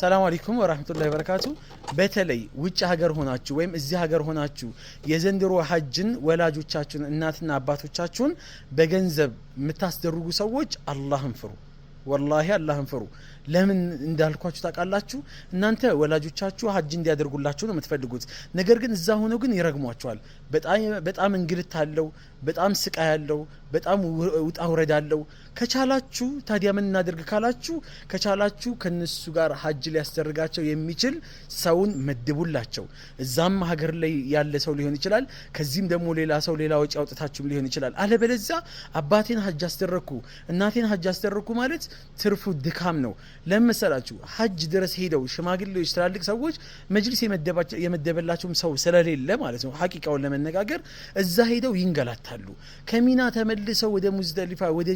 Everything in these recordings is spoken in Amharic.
ሰላም አለይኩም ወራህመቱላሂ ወበረካቱ። በተለይ ውጭ ሀገር ሆናችሁ ወይም እዚህ ሀገር ሆናችሁ የዘንድሮ ሀጅን ወላጆቻችሁን እናትና አባቶቻችሁን በገንዘብ የምታስደርጉ ሰዎች አላህን ፍሩ። ወላሂ አላህን ፍሩ። ለምን እንዳልኳችሁ ታውቃላችሁ? እናንተ ወላጆቻችሁ ሀጅ እንዲያደርጉላችሁ ነው የምትፈልጉት። ነገር ግን እዛ ሆነው ግን ይረግሟቸዋል። በጣም እንግልት አለው፣ በጣም ስቃይ አለው፣ በጣም ውጣ ውረድ አለው። ከቻላችሁ ታዲያ ምን እናደርግ ካላችሁ ከቻላችሁ ከነሱ ጋር ሀጅ ሊያስደርጋቸው የሚችል ሰውን መድቡላቸው። እዛም ሀገር ላይ ያለ ሰው ሊሆን ይችላል። ከዚህም ደግሞ ሌላ ሰው ሌላ ወጪ አውጥታችሁም ሊሆን ይችላል። አለበለዛ አባቴን ሀጅ አስደረግኩ፣ እናቴን ሀጅ አስደረግኩ ማለት ትርፉ ድካም ነው። ለምን መሰላችሁ? ሀጅ ድረስ ሄደው ሽማግሌዎች፣ ትላልቅ ሰዎች መጅልስ የመደበላቸውም ሰው ስለሌለ ማለት ነው። ሀቂቃውን ለመነጋገር እዛ ሄደው ይንገላታሉ። ከሚና ተመ ተመልሰው ወደ ሙዝደሊፋ ወደ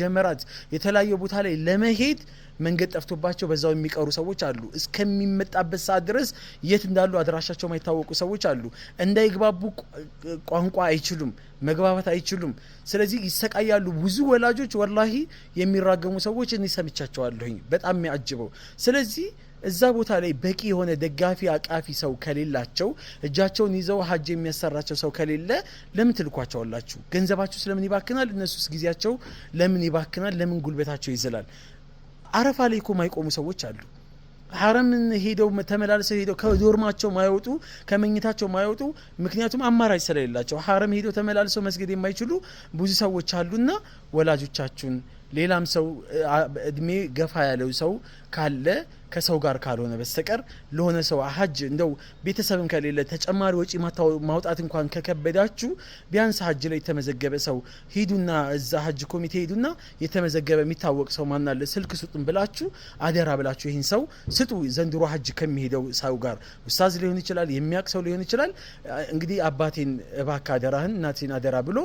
ጀመራት የተለያየ ቦታ ላይ ለመሄድ መንገድ ጠፍቶባቸው በዛው የሚቀሩ ሰዎች አሉ። እስከሚመጣበት ሰዓት ድረስ የት እንዳሉ አድራሻቸው የማይታወቁ ሰዎች አሉ። እንዳይግባቡ ቋንቋ አይችሉም፣ መግባባት አይችሉም። ስለዚህ ይሰቃያሉ። ብዙ ወላጆች ወላሂ የሚራገሙ ሰዎች እኔ ሰምቻቸዋለሁኝ። በጣም የሚያጅበው ስለዚህ እዛ ቦታ ላይ በቂ የሆነ ደጋፊ አቃፊ ሰው ከሌላቸው እጃቸውን ይዘው ሀጅ የሚያሰራቸው ሰው ከሌለ ለምን ትልኳቸዋላችሁ? ገንዘባችሁ ስለምን ይባክናል? እነሱስ ጊዜያቸው ለምን ይባክናል? ለምን ጉልበታቸው ይዝላል? አረፋ ላይ እኮ ማይቆሙ ሰዎች አሉ። ሀረምን ሄደው ተመላልሰው ሄደው ከዶርማቸው ማይወጡ ከመኝታቸው ማይወጡ ምክንያቱም አማራጭ ስለሌላቸው ሀረም ሄደው ተመላልሰው መስገድ የማይችሉ ብዙ ሰዎች አሉና ወላጆቻችሁን ሌላም ሰው እድሜ ገፋ ያለው ሰው ካለ ከሰው ጋር ካልሆነ በስተቀር ለሆነ ሰው ሀጅ እንደው ቤተሰብም ከሌለ ተጨማሪ ወጪ ማውጣት እንኳን ከከበዳችሁ ቢያንስ ሀጅ ላይ የተመዘገበ ሰው ሂዱና እዛ ሀጅ ኮሚቴ ሂዱና የተመዘገበ የሚታወቅ ሰው ማናለ ስልክ ስጡን ብላችሁ አደራ ብላችሁ ይህን ሰው ስጡ። ዘንድሮ ሀጅ ከሚሄደው ሰው ጋር ውስታዝ ሊሆን ይችላል፣ የሚያውቅ ሰው ሊሆን ይችላል። እንግዲህ አባቴን እባክ አደራህን እናቴን አደራ ብሎ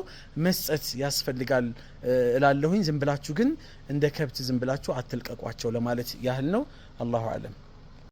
መስጠት ያስፈልጋል እላለሁኝ። ዝም ብላችሁ ግን እንደ ከብት ዝም ብላችሁ አትልቀቋቸው ለማለት ያህል ነው። አላሁ አለም።